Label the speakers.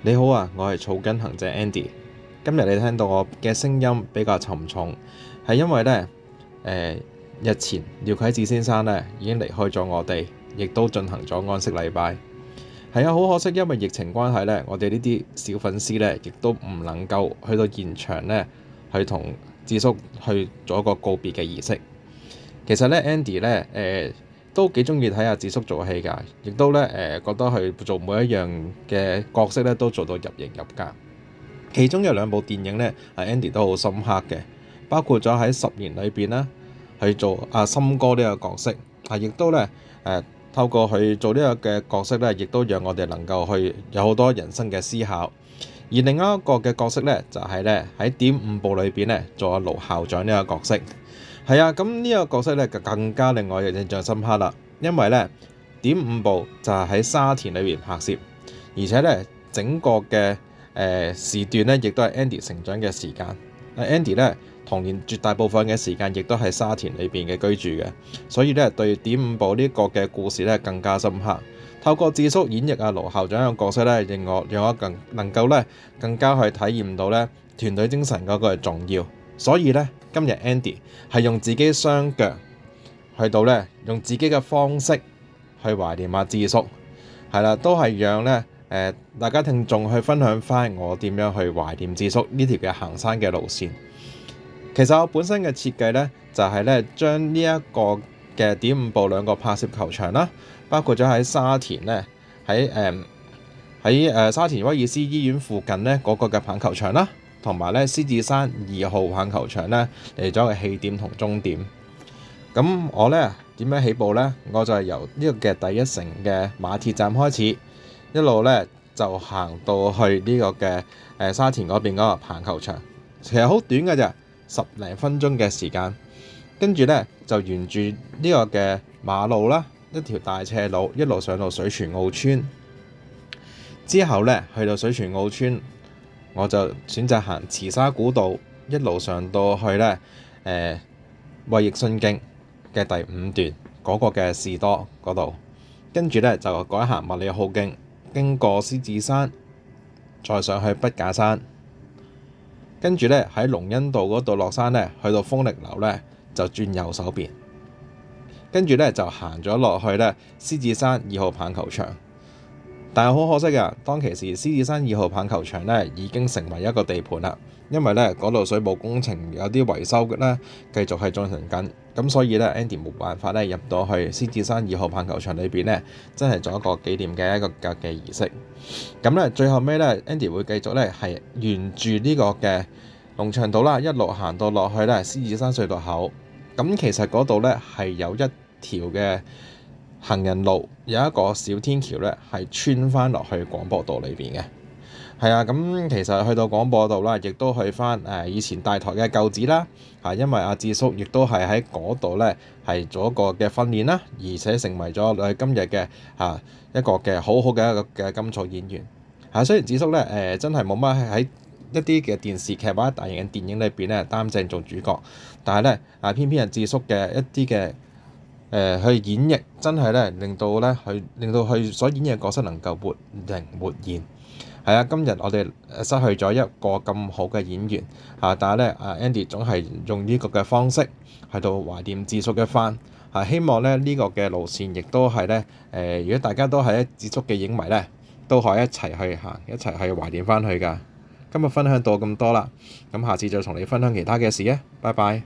Speaker 1: 你好啊，我係草根行者 Andy。今日你聽到我嘅聲音比較沉重，係因為咧，誒、呃、日前廖啟智先生咧已經離開咗我哋，亦都進行咗安息禮拜。係啊，好可惜，因為疫情關係咧，我哋呢啲小粉絲咧，亦都唔能夠去到現場咧，去同智叔去做一個告別嘅儀式。其實咧，Andy 咧，誒、呃。都幾中意睇阿智叔做戲㗎，亦都咧誒覺得佢做每一樣嘅角色咧都做到入型入格。其中有兩部電影咧，阿 Andy 都好深刻嘅，包括咗喺十年裏邊啦，佢做阿森哥呢個角色，啊，亦都咧誒透過佢做呢個嘅角色咧，亦都讓我哋能夠去有好多人生嘅思考。而另一個嘅角色咧，就係咧喺點五部裏邊咧做阿盧校長呢個角色。係啊，咁呢個角色咧就更加令我印象深刻啦。因為咧點五步就係喺沙田裏邊拍攝，而且咧整個嘅誒、呃、時段咧，亦都係 Andy 成長嘅時間。Andy 咧，童年絕大部分嘅時間亦都係沙田裏邊嘅居住嘅，所以咧對點五步呢個嘅故事咧更加深刻。透過智叔演繹啊，盧校長嘅角色咧，令我令我更能夠咧更加去體驗到咧團隊精神嗰個重要。所以咧，今日 Andy 係用自己雙腳去到咧，用自己嘅方式去懷念阿智叔，係啦，都係讓咧誒、呃、大家聽眾去分享返我點樣去懷念智叔呢條嘅行山嘅路線。其實我本身嘅設計咧，就係、是、咧將呢一個嘅點五步兩個拍攝球場啦，包括咗喺沙田咧，喺誒喺誒沙田威爾斯醫院附近咧嗰、那個嘅棒球場啦。同埋咧，獅子山二號棒球場咧，嚟咗個起點同終點。咁我咧點樣起步咧？我就係由呢個嘅第一城嘅馬鐵站開始，一路咧就行到去呢個嘅誒沙田嗰邊嗰個棒球場，其實好短嘅咋，十零分鐘嘅時間。跟住咧就沿住呢個嘅馬路啦，一條大斜路，一路上到水泉澳村。之後咧去到水泉澳村。我就選擇行慈沙古道，一路上到去呢誒、呃《衛奕信徑》嘅第五段嗰、那個嘅士多嗰度，跟住呢，就改行《麥理浩徑》，經過獅子山，再上去筆架山，跟住呢，喺龍恩道嗰度落山呢，去到風力樓呢，就轉右手邊，跟住呢，就行咗落去呢獅子山二號棒球場。但係好可惜嘅，當其時獅子山二號棒球場咧已經成為一個地盤啦，因為咧嗰度水務工程有啲維修嘅咧，繼續係進行緊，咁所以咧 Andy 冇辦法咧入到去獅子山二號棒球場裏邊咧，真係做一個紀念嘅一個嘅儀式。咁咧最後尾咧 Andy 會繼續咧係沿住呢個嘅龍翔道啦，一路行到落去咧獅子山隧道口。咁、嗯、其實嗰度咧係有一條嘅。行人路有一個小天橋咧，係穿返落去廣播道裏邊嘅。係啊，咁其實去到廣播道啦，亦都去返誒以前大台嘅舊址啦。嚇、啊，因為阿智叔亦都係喺嗰度咧係做一個嘅訓練啦，而且成為咗我哋今日嘅嚇一個嘅好好嘅一個嘅甘草演員。嚇、啊，雖然智叔咧誒、呃、真係冇乜喺一啲嘅電視劇或者大型嘅電影裏邊咧擔正做主角，但係咧啊偏偏係智叔嘅一啲嘅。誒、呃、去演繹真係咧，令到咧去，令到佢所演繹嘅角色能夠活靈活現。係啊，今日我哋失去咗一個咁好嘅演員，嚇、啊，但係咧，阿 Andy 總係用呢個嘅方式去到懷念智叔一番。係、啊、希望咧呢、呢個嘅路線亦都係咧誒，如果大家都係咧智叔嘅影迷咧，都可以一齊去行，一齊去懷念翻佢㗎。今日分享到咁多啦，咁下次就同你分享其他嘅事啊，拜拜。